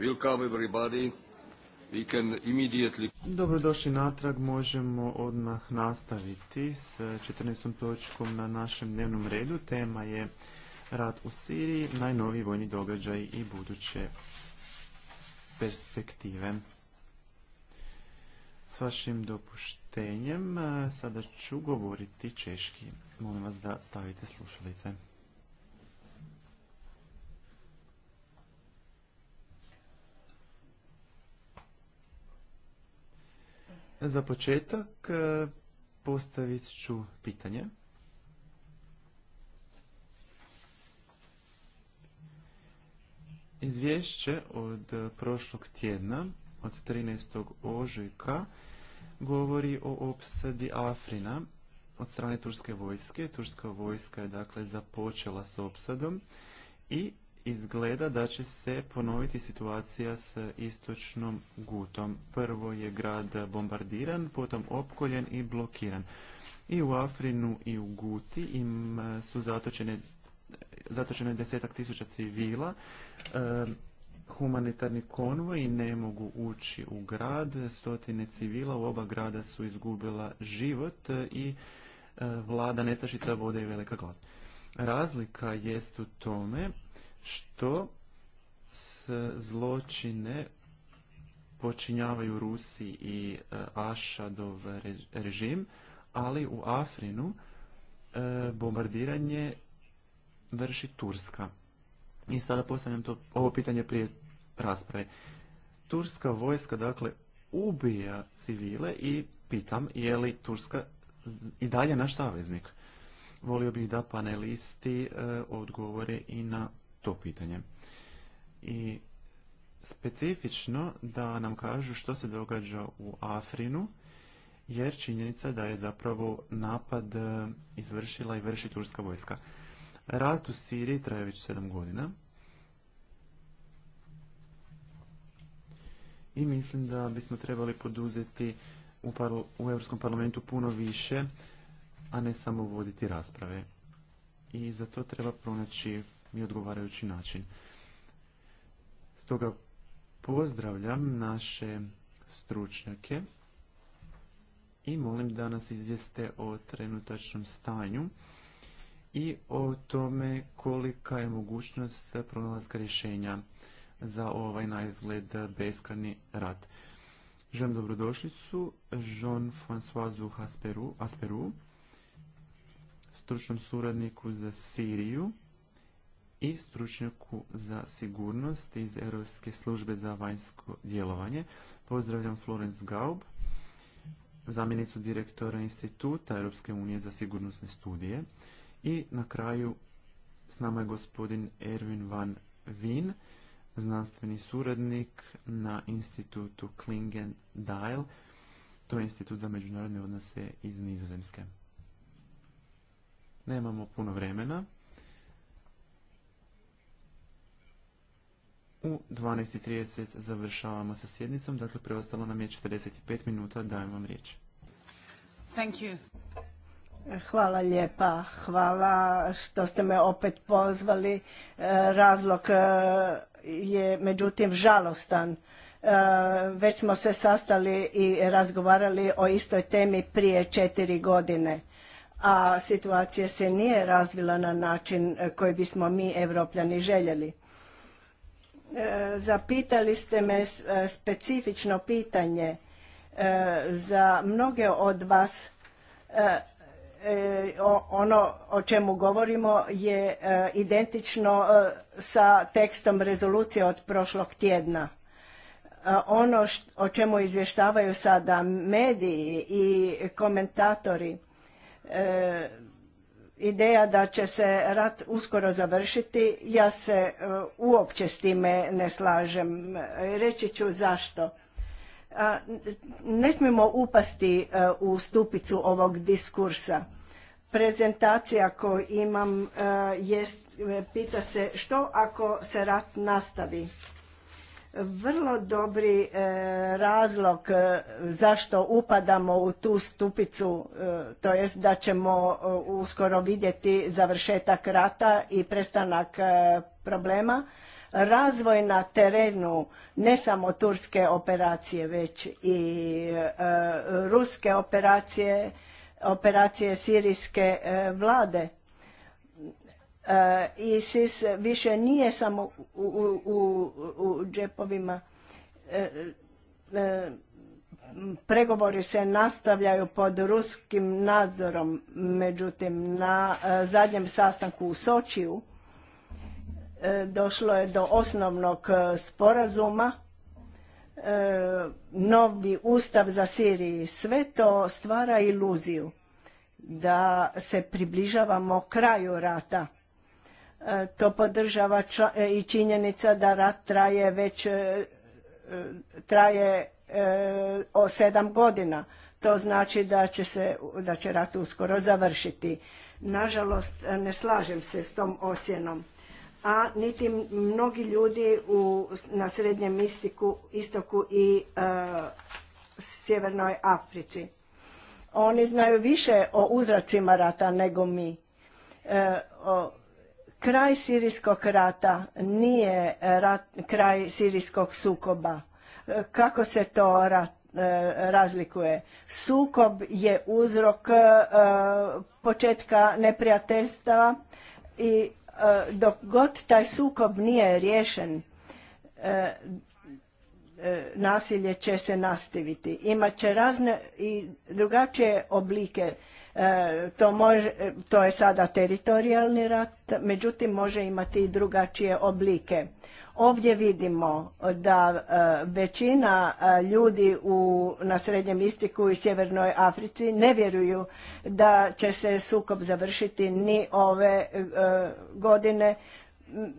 Welcome everybody. We Dobrodošli natrag, možemo odmah nastaviti s 14. točkom na našem dnevnom redu. Tema je rad u Siriji, najnoviji vojni događaj i buduće perspektive. S vašim dopuštenjem eh, sada ću govoriti češki. Molim vas da stavite slušalice. Za početak e, postavit ću pitanje. Izvješće od prošlog tjedna, od 13. ožujka, govori o opsadi Afrina od strane turske vojske. Turska vojska je dakle započela s opsadom i izgleda da će se ponoviti situacija s istočnom gutom. Prvo je grad bombardiran, potom opkoljen i blokiran. I u Afrinu i u Guti im e, su zatočene, desetak tisuća civila. E, humanitarni konvoji ne mogu ući u grad. Stotine civila u oba grada su izgubila život e, i vlada nestašica vode i velika glad. Razlika jest u tome što s zločine počinjavaju Rusi i e, Ašadov režim, ali u Afrinu e, bombardiranje vrši Turska. I sada postavljam to, ovo pitanje prije rasprave. Turska vojska, dakle, ubija civile i pitam je li Turska i dalje naš saveznik. Volio bih da panelisti e, odgovore i na to pitanje. I specifično da nam kažu što se događa u Afrinu, jer činjenica da je zapravo napad e, izvršila i vrši turska vojska. Rat u Siriji traje već sedam godina. I mislim da bismo trebali poduzeti u, paru, u Europskom parlamentu puno više, a ne samo voditi rasprave. I za to treba pronaći i odgovarajući način. Stoga pozdravljam naše stručnjake i molim da nas izvijeste o trenutačnom stanju i o tome kolika je mogućnost pronalaska rješenja za ovaj najzgled beskrani rad. Želim dobrodošlicu Jean-Françoisu Hasperu, Asperu, stručnom suradniku za Siriju i stručnjaku za sigurnost iz Europske službe za vanjsko djelovanje. Pozdravljam Florence Gaub, zamjenicu direktora Instituta Europske unije za sigurnosne studije. I na kraju s nama je gospodin Erwin van Wien, znanstveni suradnik na institutu Klingen Dial, to je institut za međunarodne odnose iz Nizozemske. Nemamo puno vremena, U 12.30 završavamo sa sjednicom, dakle preostalo nam je 45 minuta, dajem vam riječ. Thank you. Hvala lijepa, hvala što ste me opet pozvali. E, razlog e, je međutim žalostan. E, već smo se sastali i razgovarali o istoj temi prije četiri godine, a situacija se nije razvila na način koji bismo mi evropljani željeli. E, zapitali ste me e, specifično pitanje e, za mnoge od vas ono o čemu govorimo je identično sa tekstom rezolucije od prošlog tjedna. Ono o čemu izvještavaju sada mediji i komentatori Ideja da će se rat uskoro završiti, ja se e, uopće s time ne slažem. Reći ću zašto. Ne smijemo upasti e, u stupicu ovog diskursa. Prezentacija koju imam e, jest, pita se što ako se rat nastavi vrlo dobri e, razlog e, zašto upadamo u tu stupicu, e, to jest da ćemo uskoro vidjeti završetak rata i prestanak problema. Razvoj na terenu ne samo turske operacije već i ruske operacije, operacije sirijske vlade E, ISIS više nije samo u, džepovima. E, e, pregovori se nastavljaju pod ruskim nadzorom, međutim na zadnjem sastanku u Sočiju došlo je do osnovnog sporazuma, novi ustav za Siriji. Sve to stvara iluziju da se približavamo kraju rata E, to podržava e, i činjenica da rat traje već e, traje o sedam godina. To znači da će, se, da će rat uskoro završiti. Nažalost, ne slažem se s tom ocjenom. A niti mnogi ljudi u, na Srednjem istiku, istoku i Sjevernoj Africi. Oni znaju više o uzracima rata nego mi. o, Kraj sirijskog rata nije kraj sirijskog sukoba. E, kako se to e, razlikuje? Sukob je uzrok e, početka neprijateljstva i dok god taj sukob nije riješen, nasilje će se nastaviti. Imaće razne i drugačije oblike E, to, može, e, to je sada teritorijalni rat, međutim može imati i drugačije oblike. Ovdje vidimo da e, većina ljudi u, na Srednjem Istiku i Sjevernoj Africi ne vjeruju da će se sukob završiti ni ove godine,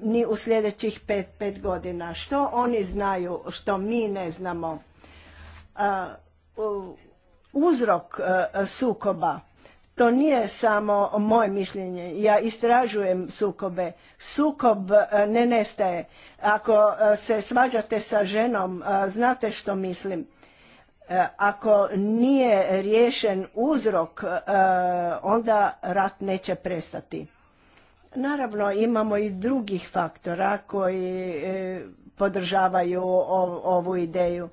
ni u sljedećih pet, pet godina. Što oni znaju, što mi ne znamo? Uzrok sukoba to nije samo moje mišljenje. Ja istražujem sukobe. Sukob e, ne nestaje. Ako e, se svađate sa ženom, e, znate što mislim. Ako nije riješen uzrok, onda rat neće prestati. Naravno, imamo i drugih faktora koji podržavaju ovu ideju.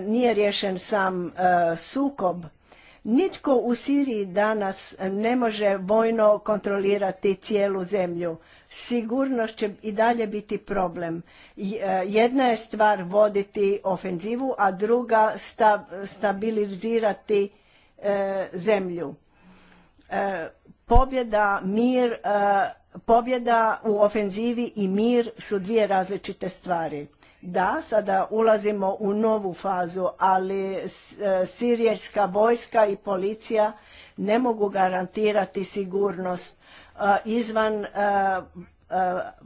Nije riješen sam sukob, Nitko u Siriji danas ne može vojno kontrolirati cijelu zemlju. Sigurnost će i dalje biti problem. E, jedna je stvar voditi ofenzivu, a druga stabilizirati e, zemlju. E, pobjeda, mir, pobjeda u ofenzivi i mir su dvije različite stvari. Da, sada ulazimo u novu fazu, ali e, sirijska vojska i policija ne mogu garantirati sigurnost e, izvan e,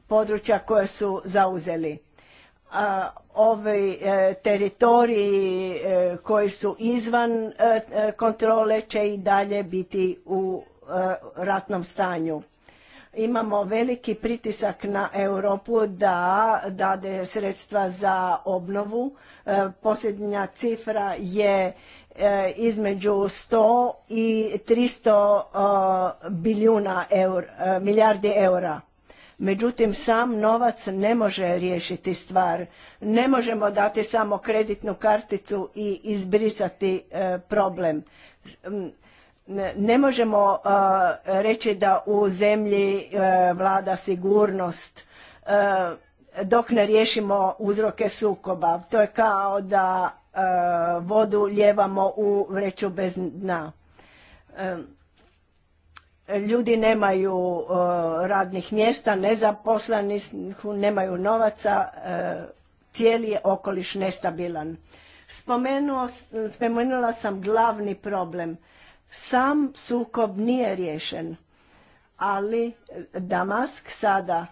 područja koje su zauzeli. Ovi teritoriji koji su izvan kontrole će i dalje biti u ratnom stanju. Imamo veliki pritisak na Europu da dade sredstva za obnovu. E, posljednja cifra je e, između 100 i 300 milijuna e, milijardi eura. Međutim, sam novac ne može riješiti stvar. Ne možemo dati samo kreditnu karticu i izbrisati problem. Ne možemo uh, reći da u zemlji uh, vlada sigurnost uh, dok ne riješimo uzroke sukoba. To je kao da vodu ljevamo u vreću bez dna. Um, ljudi nemaju radnih mjesta, nezaposleni, nemaju novaca, cijeli je okoliš nestabilan. spomenula sam glavni problem – sam sukob nije riješen, ali Damask sada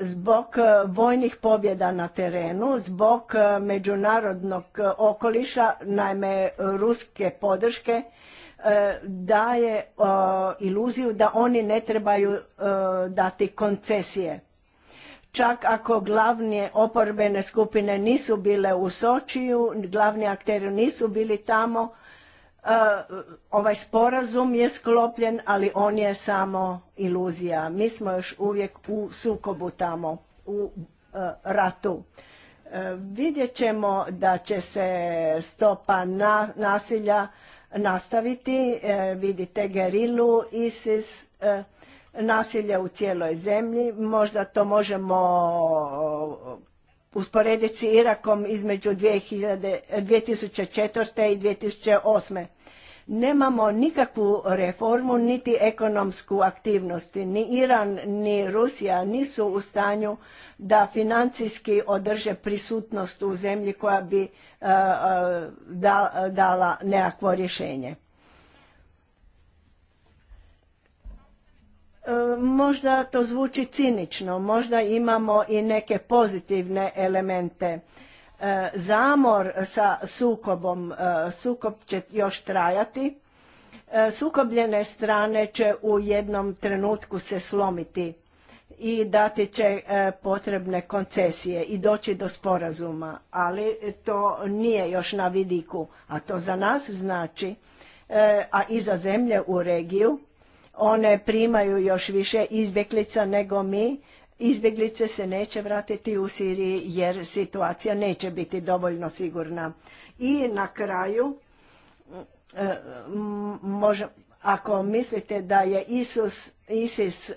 zbog e, vojnih pobjeda na terenu, zbog e, međunarodnog e, okoliša, najme ruske podrške, daje iluziju da oni ne trebaju dati koncesije. Čak ako glavne oporbene skupine nisu bile u Sočiju, glavni akteri nisu bili tamo, Eh, ovaj sporazum je sklopljen, ali on je samo iluzija. Mi smo još uvijek u sukobu tamo, u eh, ratu. Eh, vidjet ćemo da će se stopa nasilja nastaviti. Vidite gerilu, ISIS, nasilje u cijeloj zemlji. Možda to možemo usporediti s Irakom između 2004. i 2008. Nemamo nikakvu reformu, niti ekonomsku aktivnost. Ni Iran, ni Rusija nisu u stanju da financijski održe prisutnost u zemlji koja bi e, e, dala nekakvo rješenje. E, možda to zvuči cinično, možda imamo i neke pozitivne elemente. E, zamor sa sukobom, e, sukob će još trajati. Sukobljene strane će u jednom trenutku se slomiti i dati će potrebne koncesije i doći do sporazuma, ali to nije još na vidiku, a to za nas znači, a i za zemlje u regiju, one primaju još više izbjeglica nego mi. Izbjeglice se neće vratiti u Siriji jer situacija neće biti dovoljno sigurna. I na kraju, e, ako mislite da je Isus, Isis e,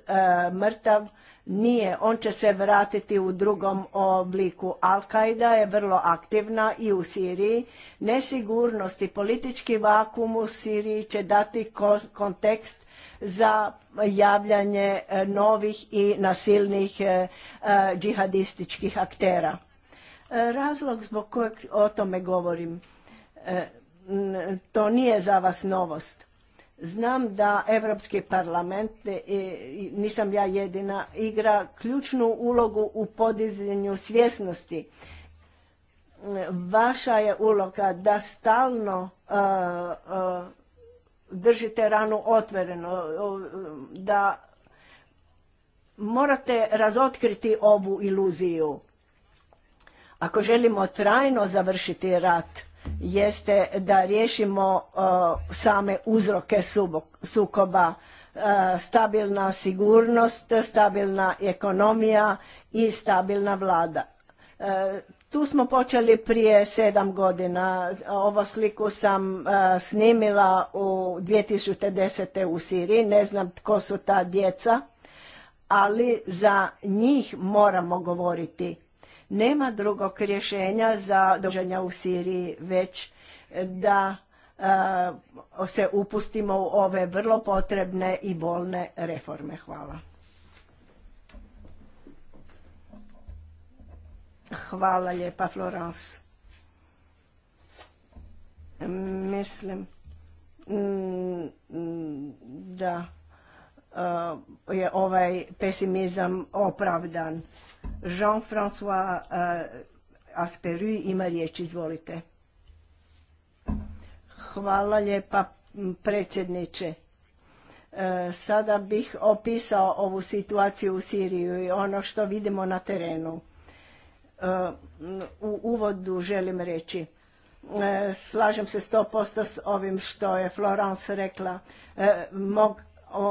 mrtav, nije. On će se vratiti u drugom obliku. Al-Qaida je vrlo aktivna i u Siriji. Nesigurnost i politički vakum u Siriji će dati kontekst za javljanje e, novih i nasilnih e, e, džihadističkih aktera. Razlog zbog kojeg o tome govorim, to nije za vas novost. Znam da Europski parlament, nisam ja jedina, igra ključnu ulogu u podizanju svjesnosti. Vaša je uloga da stalno držite ranu otvoreno, da morate razotkriti ovu iluziju. Ako želimo trajno završiti rat, jeste da riješimo same uzroke sukoba, e, stabilna sigurnost, stabilna ekonomija i stabilna vlada. E, tu smo počeli prije sedam godina. Ovo sliku sam e, snimila u 2010. u Siriji. Ne znam tko su ta djeca, ali za njih moramo govoriti. Nema drugog rješenja za događanja u Siriji, već da e, se upustimo u ove vrlo potrebne i bolne reforme. Hvala. Hvala lijepa, Florence. Mislim mm, da eh, je ovaj pesimizam opravdan. Jean-François eh, Asperu ima riječ, izvolite. Hvala lijepa, predsjedniče. Eh, sada bih opisao ovu situaciju u Siriju i ono što vidimo na terenu u uvodu želim reći. E, slažem se 100% s ovim što je Florence rekla. E,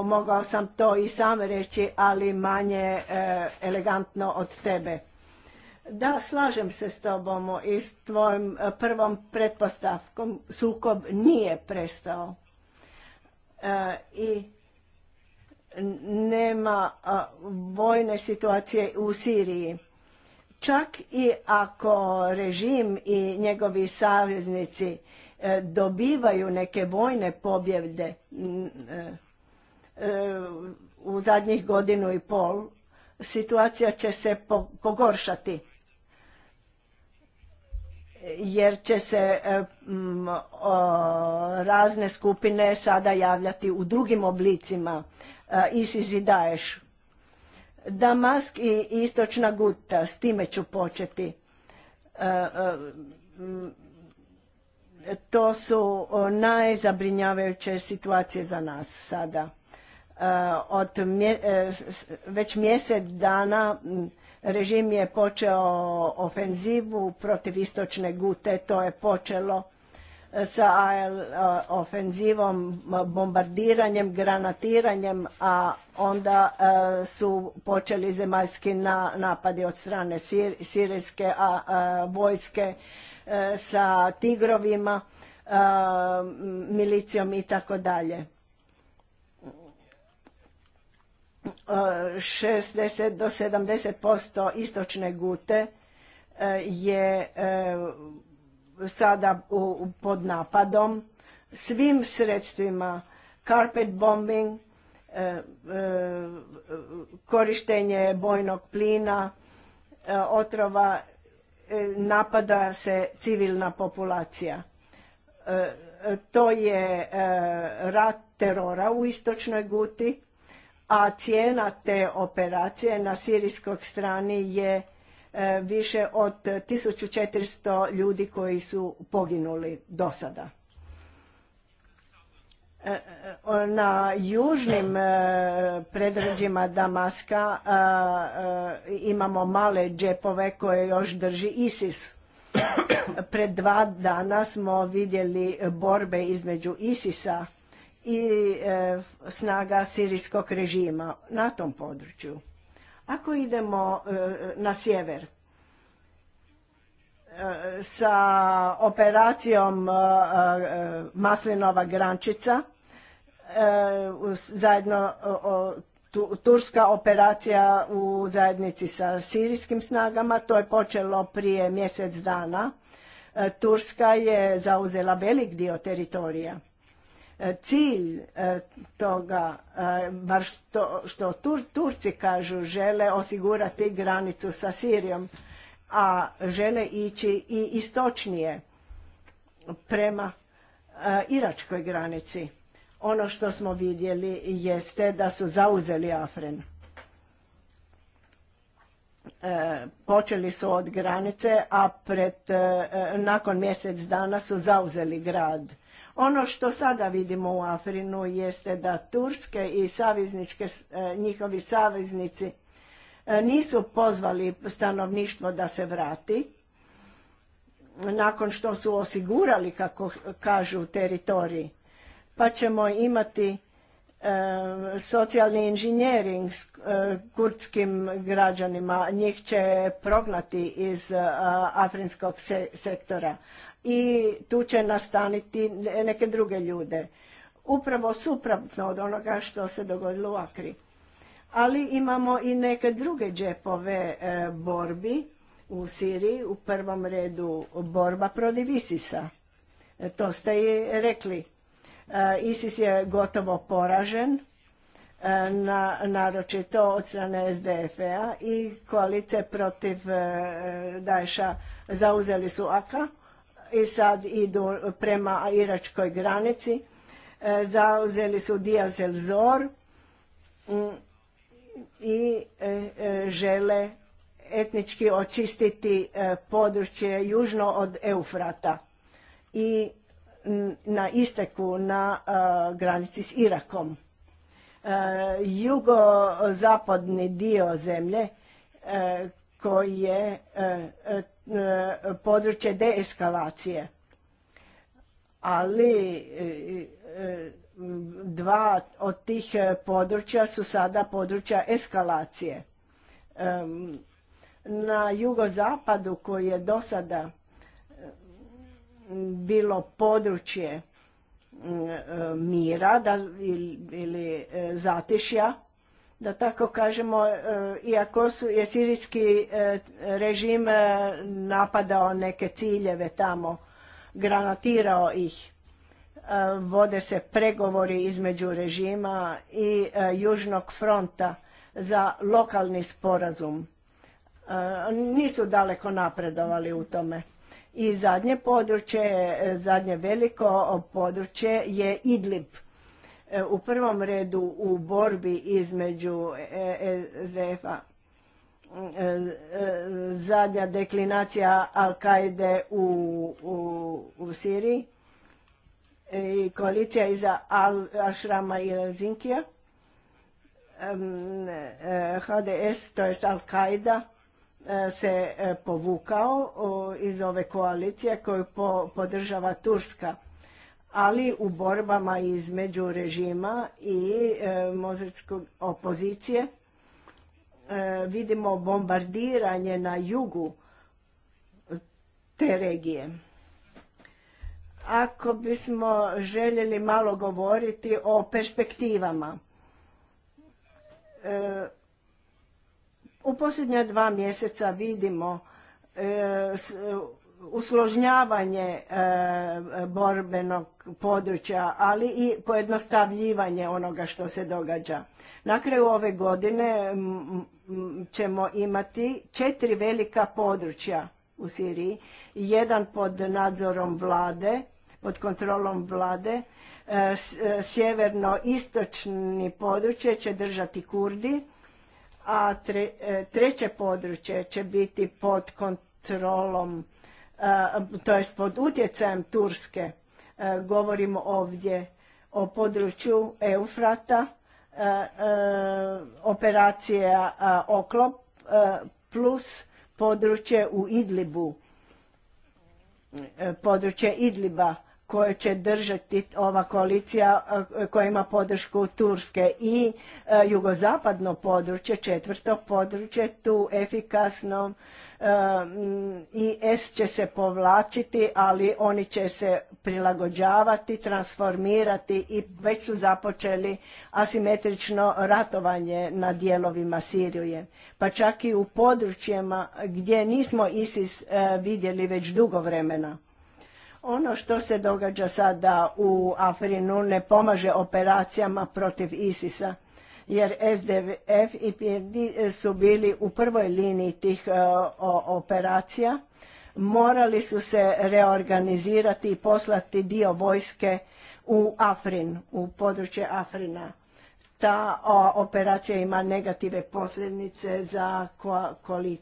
mogao sam to i sam reći, ali manje e, elegantno od tebe. Da, slažem se s tobom i s tvojim prvom pretpostavkom. Sukob nije prestao. I nema vojne situacije u Siriji. Čak i ako režim i njegovi saveznici e, dobivaju neke vojne pobjede e, e, u zadnjih godinu i pol, situacija će se pogoršati jer će se razne skupine sada javljati u drugim oblicima. ISIS i Daesh. Damask i Istočna Guta, s time ću početi. E, e, mm, to su najzabrinjavajuće situacije za nas sada. E, od već mjesec dana mm, režim je počeo ofenzivu protiv Istočne Gute, to je počelo sa e, ofenzivom, bombardiranjem, granatiranjem, a onda e, su počeli zemaljski napadi od strane sirijske e, vojske sa tigrovima, milicijom i tako dalje. 60 do 70% istočne gute je sada pod napadom svim sredstvima carpet bombing e, e, korištenje bojnog plina e, otrova napada se civilna populacija to je rat terora u istočnoj guti a cijena te operacije na sirijskoj strani je E, više od 1400 ljudi koji su poginuli do sada. E, e, na južnim predređima Damaska imamo male džepove koje još drži ISIS. Pred dva dana smo vidjeli borbe između ISIS-a i snaga sirijskog režima na tom području. Ako idemo e, na sjever e, sa operacijom e, Maslinova grančica, zajedno turska operacija u zajednici sa sirijskim snagama, to je počelo prije mjesec dana. Turska je zauzela velik dio teritorija E, cilj e, toga, e, bar što, Turci kažu, žele osigurati granicu sa Sirijom, a žele ići i istočnije prema iračkoj granici. Ono što smo vidjeli jeste da su zauzeli Afren. počeli su od granice, a nakon mjesec dana su zauzeli grad. Ono što sada vidimo u Afrinu jeste da Turske i savezničke, e, njihovi saveznici e, nisu pozvali stanovništvo da se vrati, nakon što su osigurali, kako kažu, teritorij. Pa ćemo imati e, socijalni inženjering s e, kurdskim građanima. Njih će prognati iz afrinskog sektora i tu će nastaniti neke druge ljude. Upravo suprotno od onoga što se dogodilo u Akri. Ali imamo i neke druge džepove e, borbi u Siriji, u prvom redu borba protiv Isisa. E, to ste i rekli. E, Isis je gotovo poražen, e, na, naročito od strane SDF-a i koalice protiv Daesha zauzeli su Aka i sad idu prema iračkoj granici. E, zauzeli su Diazel Zor mm, i e, e, žele etnički očistiti područje južno od Eufrata i na isteku na granici s Irakom. Jugozapadni dio zemlje koji je E, područje deeskalacije. Ali e, e, dva od tih područja su sada područja eskalacije. Na jugozapadu koji je do sada bilo područje mira ili zatišja da tako kažemo, e, iako su, je sirijski e, režim e, napadao neke ciljeve tamo, granatirao ih. Vode se pregovori između režima i Južnog fronta za lokalni sporazum. Nisu daleko napredovali u tome. I zadnje područje, zadnje veliko područje je Idlib E, u prvom redu u borbi između e, e SDF-a zadnja deklinacija Al-Kaide u, Siriji i koalicija iza Al-Ashrama i al HDS, to jest Al-Qaida, se povukao iz ove koalicije koju podržava Turska ali u borbama između režima i e, opozicije e, vidimo bombardiranje na jugu te regije. Ako bismo željeli malo govoriti o perspektivama, e, u posljednja dva mjeseca vidimo e, usložnjavanje e, borbenog područja, ali i pojednostavljivanje onoga što se događa. Na kraju ove godine ćemo imati četiri velika područja u Siriji. Jedan pod nadzorom vlade, pod kontrolom vlade, e, e, sjeverno-istočni područje će držati Kurdi, a treće područje će biti pod kontrolom to jest pod utjecajem Turske, govorimo ovdje o području Eufrata, operacija Oklop plus područje u Idlibu, područje Idliba koje će držati ova koalicija eh, koja ima podršku Turske i eh, jugozapadno područje, četvrto područje, tu efikasno eh, i S će se povlačiti, ali oni će se prilagođavati, transformirati i već su započeli asimetrično ratovanje na dijelovima Sirije. Pa čak i u područjima gdje nismo ISIS vidjeli već dugo vremena ono što se događa sada u Afrinu ne pomaže operacijama protiv ISIS-a, jer SDF i PRD su bili u prvoj liniji tih e, operacija. Morali su se reorganizirati i poslati dio vojske u Afrin, u područje Afrina. Ta operacija ima negative posljedice za e,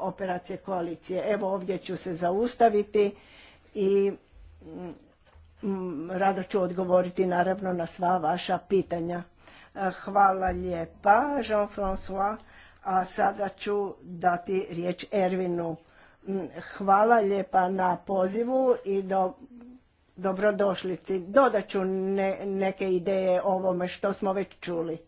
operacije koalicije. Evo ovdje ću se zaustaviti i mm, rado ću odgovoriti naravno na sva vaša pitanja. E, hvala lijepa Jean-François, a sada ću dati riječ Ervinu. Mm, hvala lijepa na pozivu i do, dobrodošlici. Dodat ću neke ideje ovome što smo već čuli.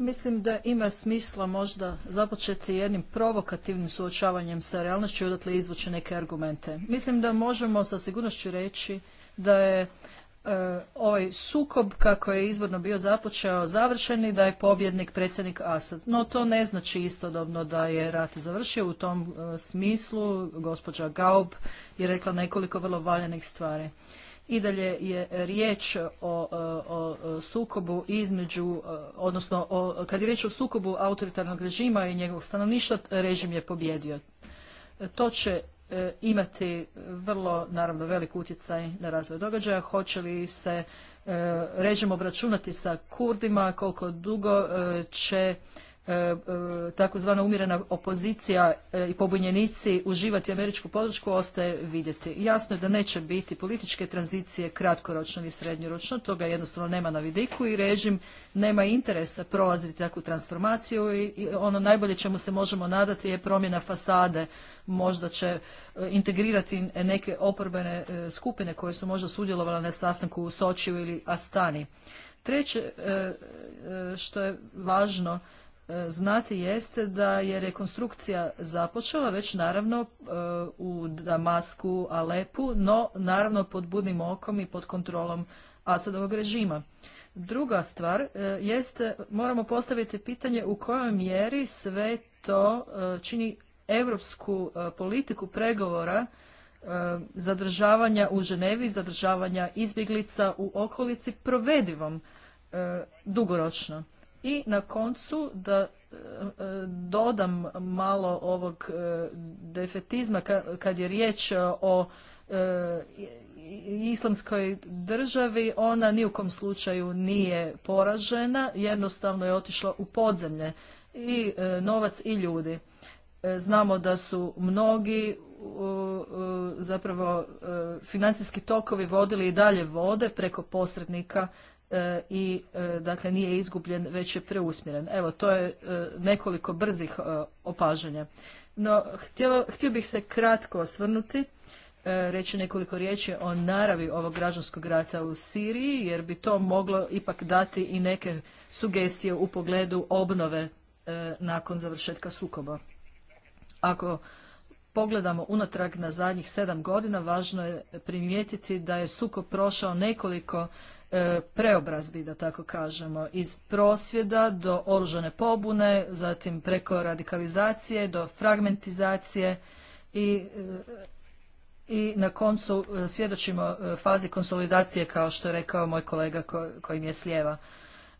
Mislim da ima smisla možda započeti jednim provokativnim suočavanjem sa realnošću i odatle izvući neke argumente. Mislim da možemo sa sigurnošću reći da je e, ovaj sukob kako je izvorno bio započeo završen i da je pobjednik predsjednik Asad. No to ne znači istodobno da je rat završio. U tom e, smislu gospođa Gaub je rekla nekoliko vrlo valjanih stvari. I dalje je riječ o, sukobu između, odnosno kad je riječ o sukobu autoritarnog režima i njegovog stanovništva, režim je pobjedio. To će e, imati vrlo, naravno, velik utjecaj na razvoj događaja. Hoće li se e, režim obračunati sa Kurdima, koliko dugo e, će E, e, takozvana umjerena opozicija e, i pobunjenici uživati američku podršku ostaje vidjeti. Jasno je da neće biti političke tranzicije kratkoročno ni srednjoročno, toga jednostavno nema na vidiku i režim nema interesa prolaziti takvu transformaciju i ono najbolje čemu se možemo nadati je promjena fasade, možda će integrirati neke oporbene skupine koje su možda sudjelovale na sastanku u Sočiju ili Astani. Treće što je važno E, znati jeste da je rekonstrukcija započela već naravno e, u Damasku, Alepu, no naravno pod budnim okom i pod kontrolom Asadovog režima. Druga stvar e, jeste, moramo postaviti pitanje u kojoj mjeri sve to čini europsku politiku pregovora zadržavanja u Ženevi, zadržavanja izbjeglica u okolici provedivom dugoročno. I na koncu da e, e, dodam malo ovog e, defetizma kad je riječ o islamskoj državi, ona ni u kom slučaju nije poražena, jednostavno je otišla u podzemlje i novac i ljudi. Znamo da su mnogi zapravo financijski tokovi vodili i dalje vode preko posrednika E, i e, dakle nije izgubljen već je preusmjeren. Evo to je e, nekoliko brzih opažanja. No htio bih se kratko osvrnuti reći nekoliko riječi o naravi ovog građanskog rata u Siriji, jer bi to moglo ipak dati i neke sugestije u pogledu obnove nakon završetka sukoba. Ako pogledamo unatrag na zadnjih sedam godina, važno je primijetiti da je sukob prošao nekoliko E, preobrazbi, da tako kažemo, iz prosvjeda do oružane pobune, zatim preko radikalizacije do fragmentizacije i, e, i na koncu e, svjedočimo fazi konsolidacije kao što je rekao moj kolega koji mi je slijeva.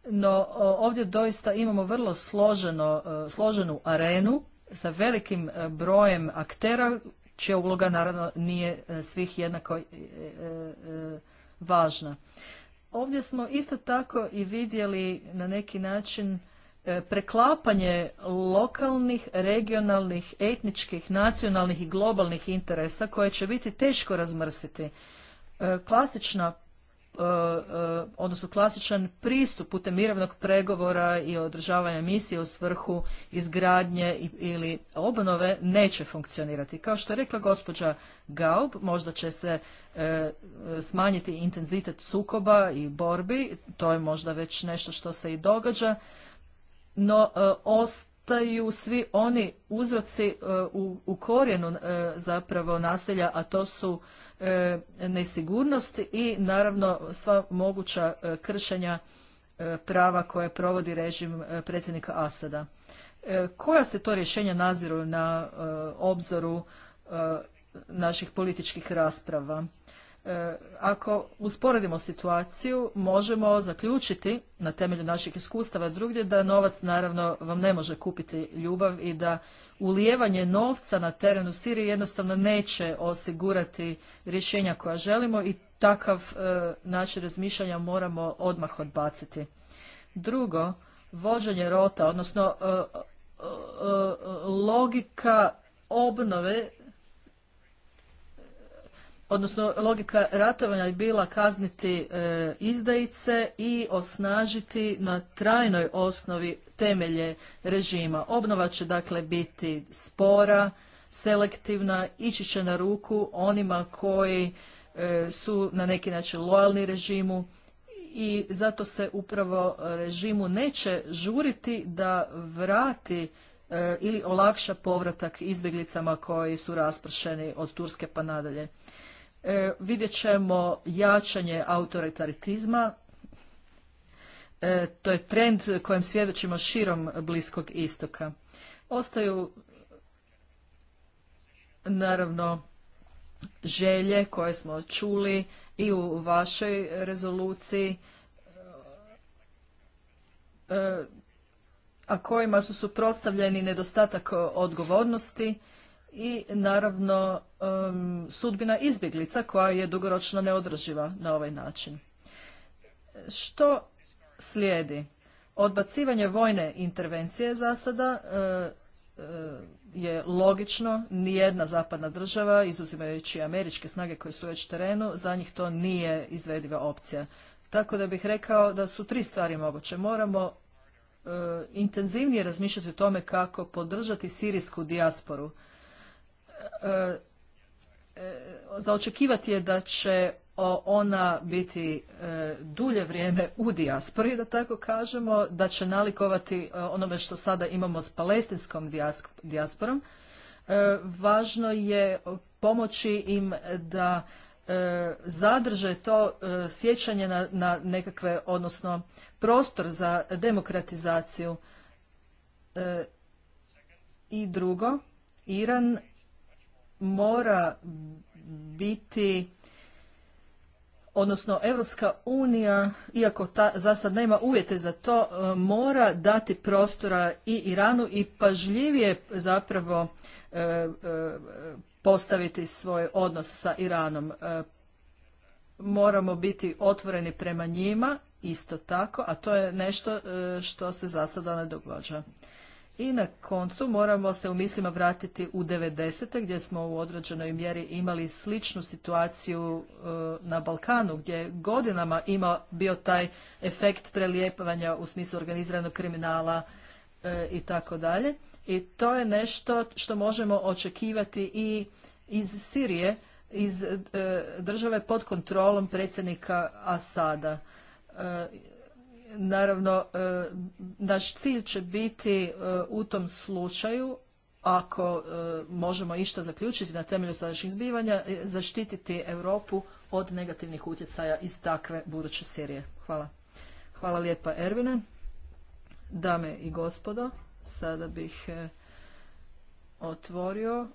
No ovdje doista imamo vrlo složeno, složenu arenu sa velikim brojem aktera čija uloga naravno nije svih jednako važna. Ovdje smo isto tako i vidjeli na neki način e, preklapanje lokalnih, regionalnih, etničkih, nacionalnih i globalnih interesa koje će biti teško razmrsiti. E, klasična E, e, odnosno klasičan pristup putem mirovnog pregovora i održavanja misije u svrhu izgradnje ili obnove neće funkcionirati. Kao što je rekla gospođa Gaub, možda će se e, smanjiti intenzitet sukoba i borbi, to je možda već nešto što se i događa, no ostaju svi oni uzroci u, u korijenu zapravo naselja, a to su E, nesigurnost i naravno sva moguća e, kršenja e, prava koje provodi režim predsjednika Asada. Koja se to rješenja naziru na obzoru naših političkih rasprava? E, ako usporedimo situaciju, možemo zaključiti na temelju naših iskustava drugdje da novac naravno vam ne može kupiti ljubav i da ulijevanje novca na terenu Sirije jednostavno neće osigurati rješenja koja želimo i takav e, način razmišljanja moramo odmah odbaciti. Drugo, vođenje rota, odnosno e, logika obnove odnosno logika ratovanja je bila kazniti e, izdajice i osnažiti na trajnoj osnovi temelje režima. Obnova će dakle biti spora, selektivna, ići će na ruku onima koji e, su na neki način lojalni režimu i zato se upravo režimu neće žuriti da vrati e, ili olakša povratak izbjeglicama koji su raspršeni od Turske pa nadalje. E, vidjet ćemo jačanje autoritaritizma, e, to je trend kojem svjedočimo širom Bliskog istoka. Ostaju naravno želje koje smo čuli i u vašoj rezoluciji, e, a kojima su suprotstavljeni nedostatak odgovornosti, i naravno sudbina izbjeglica koja je dugoročno neodrživa na ovaj način. Što slijedi? Odbacivanje vojne intervencije za sada eh, eh, je logično, nijedna zapadna država, izuzimajući američke snage koje su već terenu, za njih to nije izvediva opcija. Tako da bih rekao da su tri stvari moguće. Moramo eh, intenzivnije razmišljati o tome kako podržati sirijsku dijasporu E, e, e, za očekivati je da će ona biti dulje vrijeme u dijaspori, da tako kažemo, da će nalikovati onome što sada imamo s palestinskom dijasporom. Važno je pomoći im da zadrže to sjećanje na, na nekakve, odnosno prostor za demokratizaciju. I drugo, Iran mora biti odnosno Europska unija, iako ta za sad nema uvjete za to, e, mora dati prostora i Iranu i pažljivije zapravo e, e, postaviti svoj odnos sa Iranom. Moramo biti otvoreni prema njima, isto tako, a to je nešto što se za sada ne događa. I na koncu moramo se u mislima vratiti u 90. gdje smo u određenoj mjeri imali sličnu situaciju e, na Balkanu gdje godinama ima bio taj efekt prelijepavanja u smislu organiziranog kriminala e, i tako dalje. I to je nešto što možemo očekivati i iz Sirije, iz e, države pod kontrolom predsjednika Asada. Naravno, e, naš cilj će biti e, u tom slučaju, ako e, možemo išta zaključiti na temelju sadašnjih zbivanja, zaštititi Europu od negativnih utjecaja iz takve buduće serije. Hvala. Hvala lijepa Ervine. Dame i gospodo, sada bih otvorio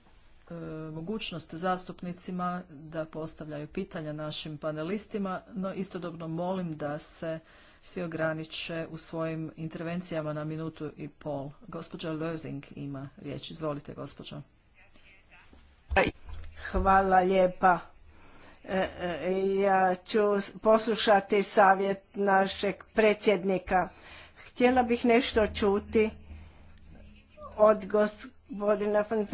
E, mogućnost zastupnicima da postavljaju pitanja našim panelistima, no istodobno molim da se svi ograniče u svojim intervencijama na minutu i pol. Gospođa Lozing ima riječ. Izvolite, gospođo. Hvala lijepa. E, e, ja ću poslušati savjet našeg predsjednika. Htjela bih nešto čuti od gospodina Van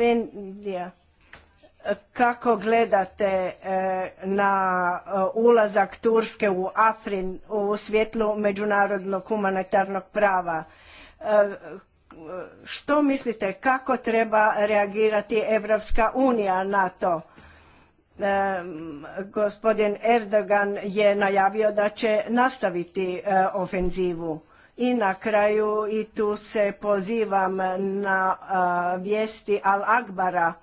kako gledate e, na e, ulazak Turske u Afrin u svjetlu međunarodnog humanitarnog prava? E, što mislite kako treba reagirati Evropska unija na to? gospodin Erdogan je najavio da će nastaviti ofenzivu. I na kraju, i tu se pozivam na vijesti Al-Akbara,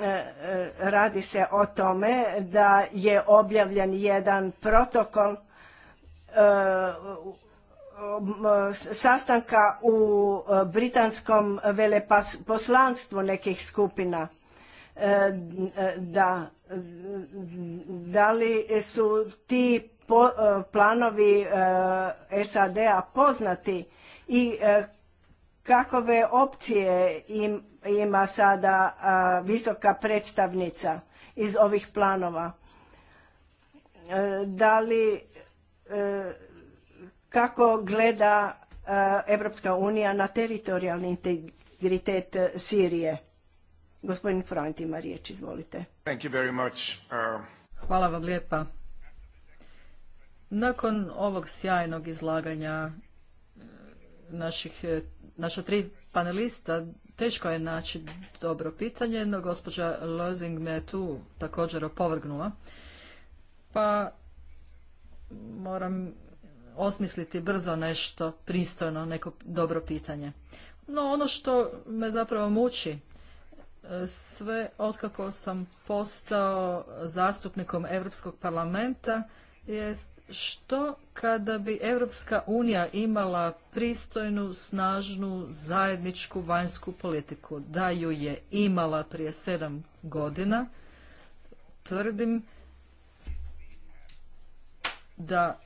E, e, radi se o tome da je objavljen jedan protokol e, sastanka u britanskom veleposlanstvu nekih skupina da da li su ti planovi SAD-a poznati i kakove opcije im ima sada visoka predstavnica iz ovih planova. E, da li, e, kako gleda e, Evropska unija na teritorijalni integritet Sirije? Gospodin Front ima riječ, izvolite. Thank you very much. Uh, Hvala vam lijepa. Nakon ovog sjajnog izlaganja naših, naša tri panelista Teško je naći dobro pitanje, no gospođa Lozing me tu također opovrgnula. Pa moram osmisliti brzo nešto pristojno, neko dobro pitanje. No ono što me zapravo muči, e, sve otkako sam postao zastupnikom Europskog parlamenta, jest što kada bi Europska unija imala pristojnu, snažnu, zajedničku vanjsku politiku, da ju je imala prije sedam godina, tvrdim da,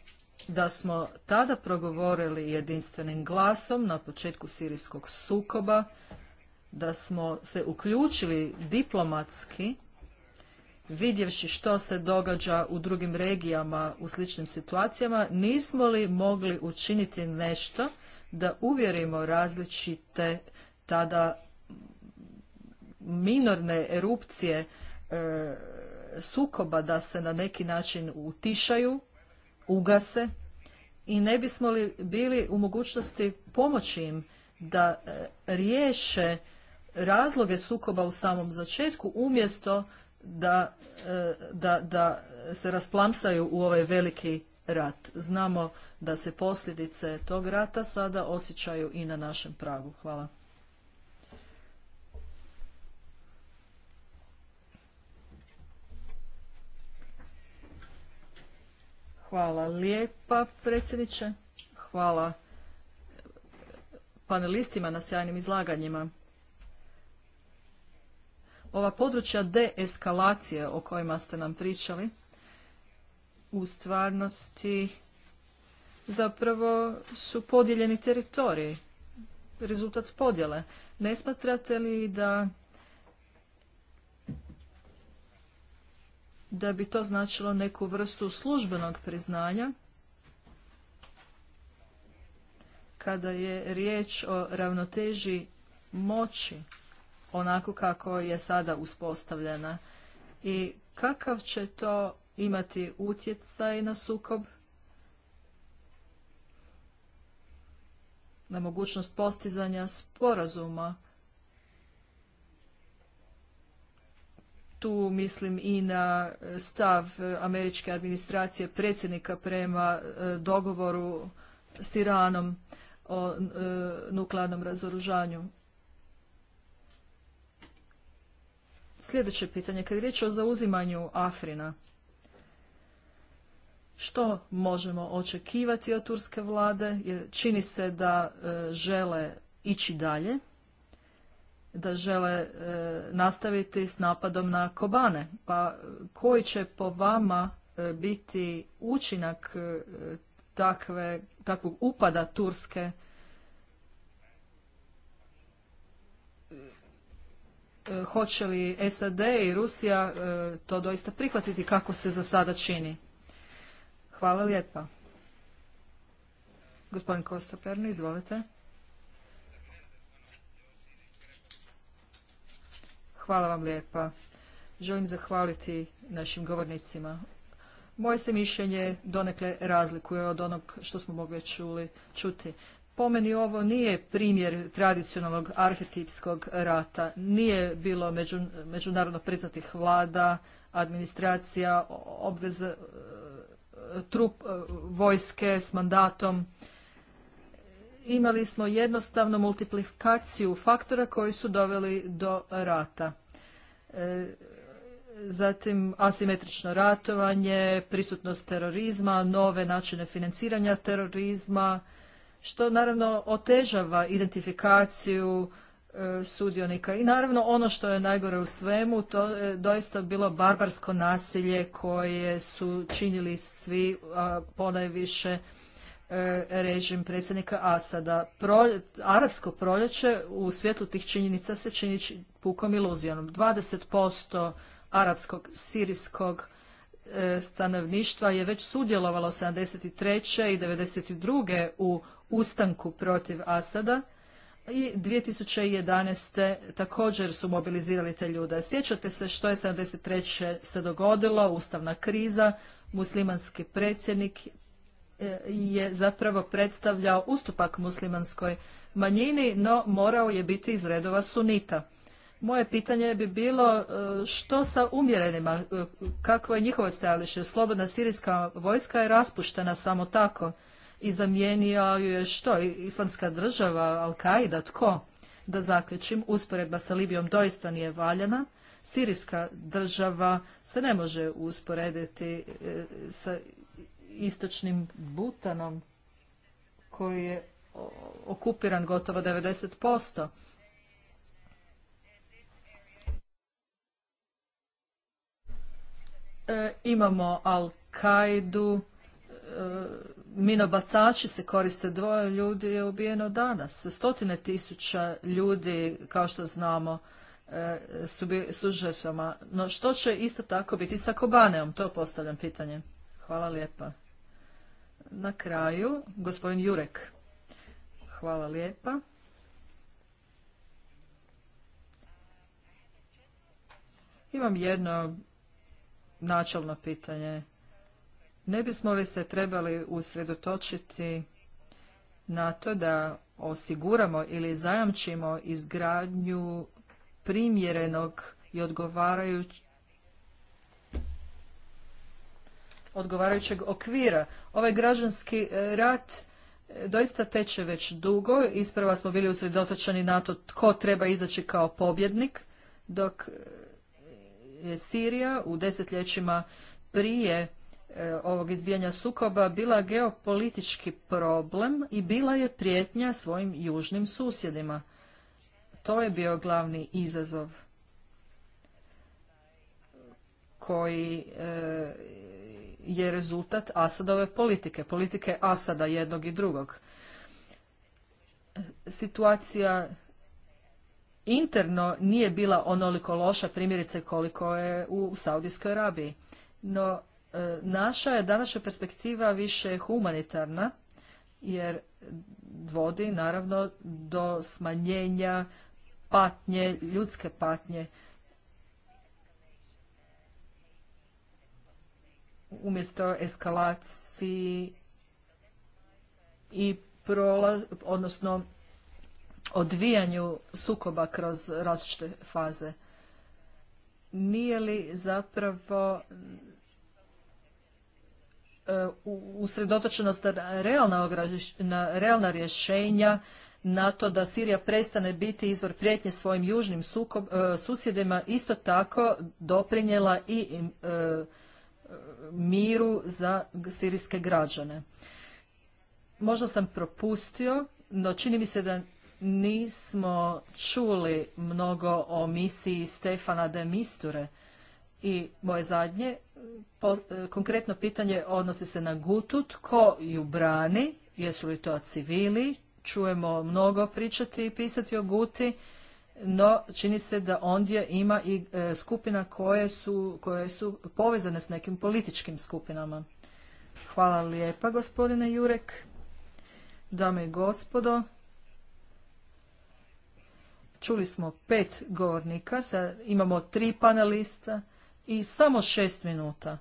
da smo tada progovorili jedinstvenim glasom na početku sirijskog sukoba, da smo se uključili diplomatski vidjevši što se događa u drugim regijama u sličnim situacijama, nismo li mogli učiniti nešto da uvjerimo različite tada minorne erupcije e, sukoba da se na neki način utišaju, ugase i ne bismo li bili u mogućnosti pomoći im da e, riješe razloge sukoba u samom začetku umjesto da, e, da, da se rasplamsaju u ovaj veliki rat. Znamo da se posljedice tog rata sada osjećaju i na našem pragu. Hvala. Hvala lijepa, predsjedniče. Hvala panelistima na sjajnim izlaganjima ova područja deeskalacije o kojima ste nam pričali u stvarnosti zapravo su podijeljeni teritoriji, rezultat podjele. Ne smatrate li da da bi to značilo neku vrstu službenog priznanja kada je riječ o ravnoteži moći onako kako je sada uspostavljena i kakav će to imati utjecaj na sukob, na mogućnost postizanja sporazuma. Tu mislim i na stav američke administracije predsjednika prema e, dogovoru s Iranom o e, nuklearnom razoružanju. Sljedeće pitanje, kad je riječ o zauzimanju Afrina, što možemo očekivati od turske vlade? čini se da e, žele ići dalje, da žele e, nastaviti s napadom na Kobane. Pa e, koji će po vama biti učinak takve, takvog upada Turske E, hoće li SAD i Rusija e, to doista prihvatiti kako se za sada čini. Hvala lijepa. Gospodin Kosta izvolite. Hvala vam lijepa. Želim zahvaliti našim govornicima. Moje se mišljenje donekle razlikuje od onog što smo mogli čuli, čuti po meni ovo nije primjer tradicionalnog arhetipskog rata. Nije bilo međunarodno priznatih vlada, administracija, obveze e, trup e, vojske s mandatom. Imali smo jednostavno multiplikaciju faktora koji su doveli do rata. E, zatim asimetrično ratovanje, prisutnost terorizma, nove načine financiranja terorizma, što naravno otežava identifikaciju e, sudionika. I naravno ono što je najgore u svemu, to je doista bilo barbarsko nasilje koje su činili svi, ponajviše e, režim predsjednika Asada. Pro, arapsko proljeće u svjetlu tih činjenica se čini pukom iluzijom. 20% arapskog, sirijskog e, stanovništva je već sudjelovalo 73. i 92. u ustanku protiv Asada i 2011. također su mobilizirali te ljude. Sjećate se što je 73. se dogodilo, ustavna kriza, muslimanski predsjednik e, je zapravo predstavljao ustupak muslimanskoj manjini, no morao je biti iz redova sunita. Moje pitanje bi bilo e, što sa umjerenima, e, kakvo je njihovo stajalište? Slobodna sirijska vojska je raspuštena samo tako i zamijenio je što? Islamska država, Al-Qaida, tko? Da zaključim, usporedba sa Libijom doista nije valjana. Sirijska država se ne može usporediti e, sa istočnim Butanom koji je okupiran gotovo 90%. E, imamo Al-Kaidu, e, minobacači se koriste, dvoje ljudi je ubijeno danas. Stotine tisuća ljudi, kao što znamo, e, su, su žrtvama. No što će isto tako biti sa Kobaneom? To postavljam pitanje. Hvala lijepa. Na kraju, gospodin Jurek. Hvala lijepa. Imam jedno načelno pitanje. Ne bismo li se trebali usredotočiti na to da osiguramo ili zajamčimo izgradnju primjerenog i odgovarajućeg odgovarajućeg okvira. Ovaj građanski e, rat e, doista teče već dugo. Isprava smo bili usredotočeni na to tko treba izaći kao pobjednik, dok e, je Sirija u desetljećima prije E, ovog izbijanja sukoba bila geopolitički problem i bila je prijetnja svojim južnim susjedima. To je bio glavni izazov koji e, je rezultat Asadove politike, politike Asada jednog i drugog. Situacija interno nije bila onoliko loša primjerice koliko je u Saudijskoj Arabiji. No, E, naša je današnja perspektiva više humanitarna, jer vodi naravno do smanjenja patnje, ljudske patnje. Umjesto eskalaciji i odnosno odvijanju sukoba kroz različite faze. Nije li zapravo E, usredotočenost na realna, realna rješenja, na to da Sirija prestane biti izvor prijetnje svojim južnim e, susjedima, isto tako doprinjela i e, miru za sirijske građane. Možda sam propustio, no čini mi se da nismo čuli mnogo o misiji Stefana de Misture i moje zadnje E, konkretno pitanje odnosi se na Gutu. Tko ju brani? Jesu li to civili? Čujemo mnogo pričati i pisati o Guti, no čini se da ondje ima i e, skupina koje su, koje su povezane s nekim političkim skupinama. Hvala lijepa, gospodine Jurek. Dame i gospodo, čuli smo pet govornika, sad imamo tri panelista i samo šest minuta.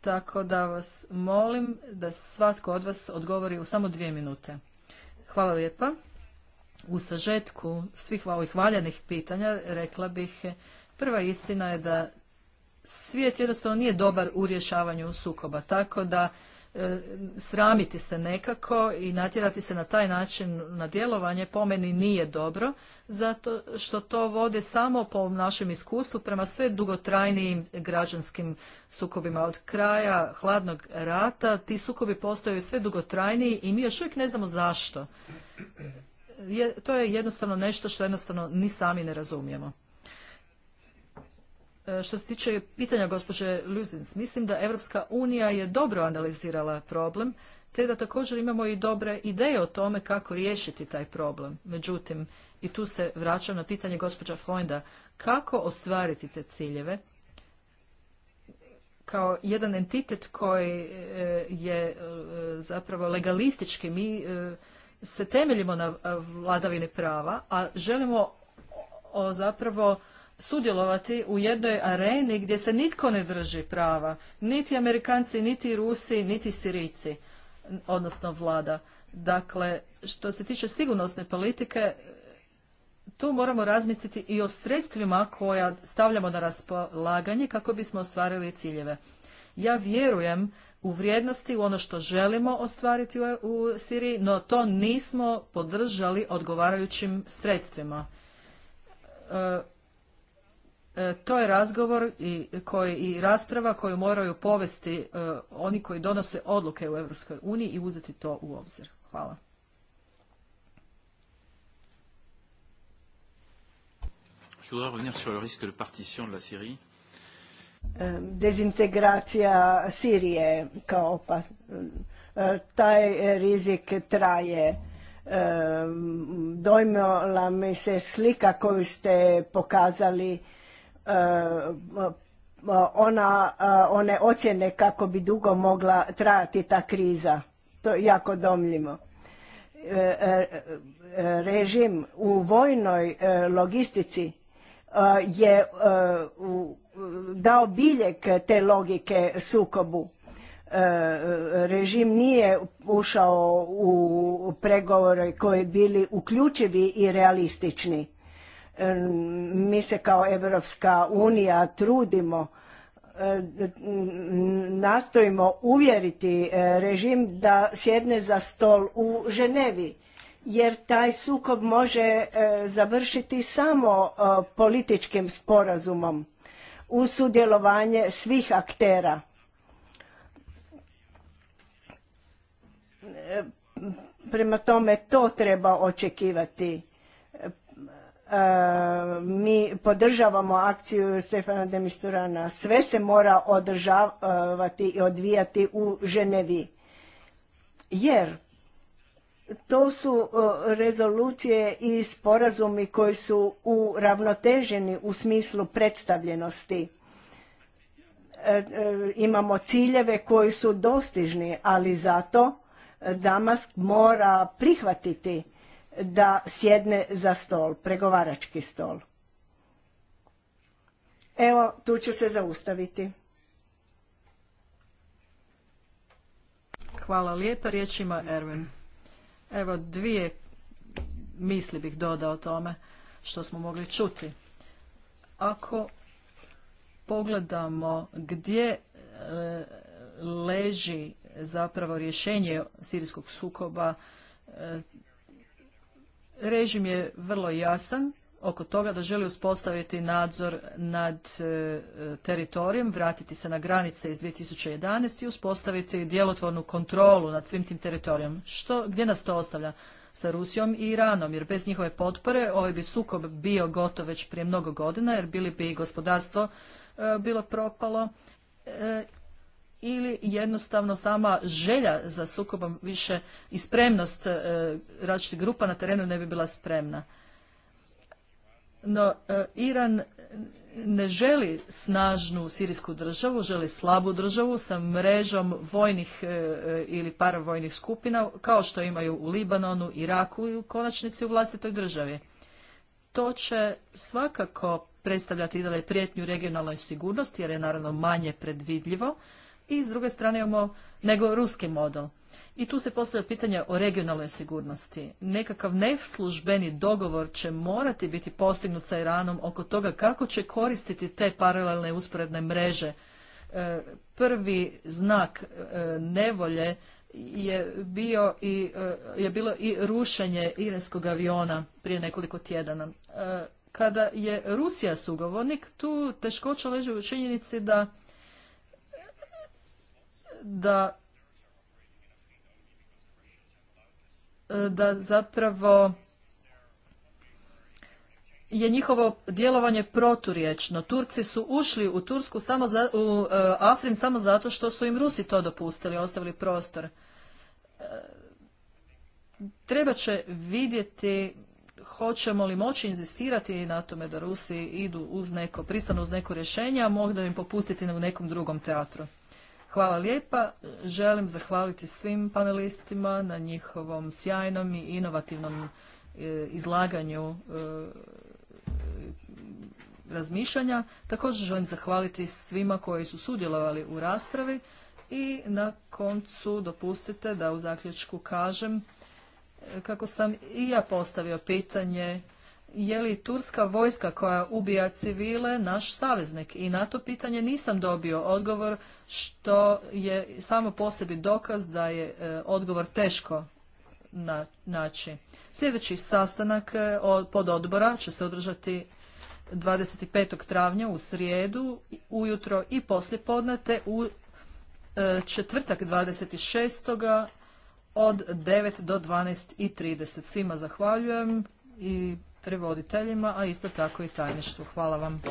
Tako da vas molim da svatko od vas odgovori u samo dvije minute. Hvala lijepa. U sažetku svih ovih valjanih pitanja rekla bih prva istina je da svijet jednostavno nije dobar u rješavanju sukoba, tako da E, sramiti se nekako i natjerati se na taj način na djelovanje po meni nije dobro zato što to vode samo po našem iskustvu prema sve dugotrajnijim građanskim sukobima od kraja hladnog rata ti sukobi postaju sve dugotrajniji i mi još uvijek ne znamo zašto to je jednostavno nešto što jednostavno ni sami ne razumijemo E, što se tiče pitanja gospođe Ljuzins, mislim da Evropska unija je dobro analizirala problem, te da također imamo i dobre ideje o tome kako riješiti taj problem. Međutim, i tu se vraćam na pitanje gospođa fonda kako ostvariti te ciljeve kao jedan entitet koji e, je e, zapravo legalistički. Mi se temeljimo na vladavini prava, a želimo zapravo sudjelovati u jednoj areni gdje se nitko ne drži prava, niti Amerikanci, niti Rusi, niti Sirici, odnosno vlada. Dakle, što se tiče sigurnosne politike, tu moramo razmisliti i o sredstvima koja stavljamo na raspolaganje kako bismo ostvarili ciljeve. Ja vjerujem u vrijednosti, u ono što želimo ostvariti u, Siriji, no to nismo podržali odgovarajućim sredstvima. E, E, to je razgovor i, koji, i rasprava koju moraju povesti e, oni koji donose odluke u Europskoj uniji i uzeti to u obzir. Hvala. E, dezintegracija Sirije kao pa taj rizik traje. Dojmila mi se slika koju ste pokazali E, e, ona, e, one ocjene kako bi dugo mogla trajati ta kriza. To jako domljimo. Režim u vojnoj logistici je dao biljeg te logike sukobu. Režim nije ušao u pregovore koji bili uključivi i realistični mi se kao Evropska unija trudimo, e, nastojimo uvjeriti e, režim da sjedne za stol u Ženevi jer taj sukob može e, završiti samo političkim sporazumom u sudjelovanje svih aktera. Prema tome to treba očekivati. E, mi podržavamo akciju Stefana Demisturana. Sve se mora održavati i odvijati u Ženevi. Jer to su e, rezolucije i sporazumi koji su uravnoteženi u smislu predstavljenosti. E, imamo ciljeve koji su dostižni, ali zato Damask mora prihvatiti da sjedne za stol, pregovarački stol. Evo, tu ću se zaustaviti. Hvala lijepa, riječ ima Erwin. Evo, dvije misli bih dodao tome što smo mogli čuti. Ako pogledamo gdje e, leži zapravo rješenje sirijskog sukoba, e, Režim je vrlo jasan oko toga da želi uspostaviti nadzor nad e, teritorijem, vratiti se na granice iz 2011. i uspostaviti djelotvornu kontrolu nad svim tim teritorijom. Što, gdje nas to ostavlja? Sa Rusijom i Iranom, jer bez njihove potpore ovaj bi sukob bio gotov već prije mnogo godina, jer bili bi i gospodarstvo e, bilo propalo e, ili jednostavno sama želja za sukobom više i spremnost e, različitih grupa na terenu ne bi bila spremna. No, e, Iran ne želi snažnu sirijsku državu, želi slabu državu sa mrežom vojnih e, ili paravojnih skupina kao što imaju u Libanonu, Iraku i u konačnici u vlastitoj državi. To će svakako predstavljati i dalje prijetnju regionalnoj sigurnosti jer je naravno manje predvidljivo i s druge strane imamo nego ruski model. I tu se postavlja pitanje o regionalnoj sigurnosti. Nekakav neslužbeni dogovor će morati biti postignut sa Iranom oko toga kako će koristiti te paralelne usporedne mreže. E, prvi znak e, nevolje je, bio i, e, je bilo i rušenje iranskog aviona prije nekoliko tjedana. Kada je Rusija sugovornik, tu teškoća leži u činjenici da da e, da zapravo je njihovo djelovanje proturječno. Turci su ušli u Tursku samo za, u e, Afrin samo zato što su im Rusi to dopustili, ostavili prostor. E, treba će vidjeti hoćemo li moći inzistirati na tome da Rusi idu uz neko, pristanu uz neko rješenje, a mogu da im popustiti u nekom drugom teatru. Hvala lijepa. Želim zahvaliti svim panelistima na njihovom sjajnom i inovativnom e, izlaganju e, razmišljanja. Također želim zahvaliti svima koji su sudjelovali u raspravi i na koncu dopustite da u zaključku kažem e, kako sam i ja postavio pitanje je li turska vojska koja ubija civile naš saveznik? I na to pitanje nisam dobio odgovor, što je samo po sebi dokaz da je e, odgovor teško naći. Sljedeći sastanak e, pod odbora će se održati 25. travnja u srijedu, ujutro i poslije podnate u e, četvrtak 26. od 9 do 12.30. Svima zahvaljujem i prevoditeljima, a isto tako i tajništvu. Hvala vam.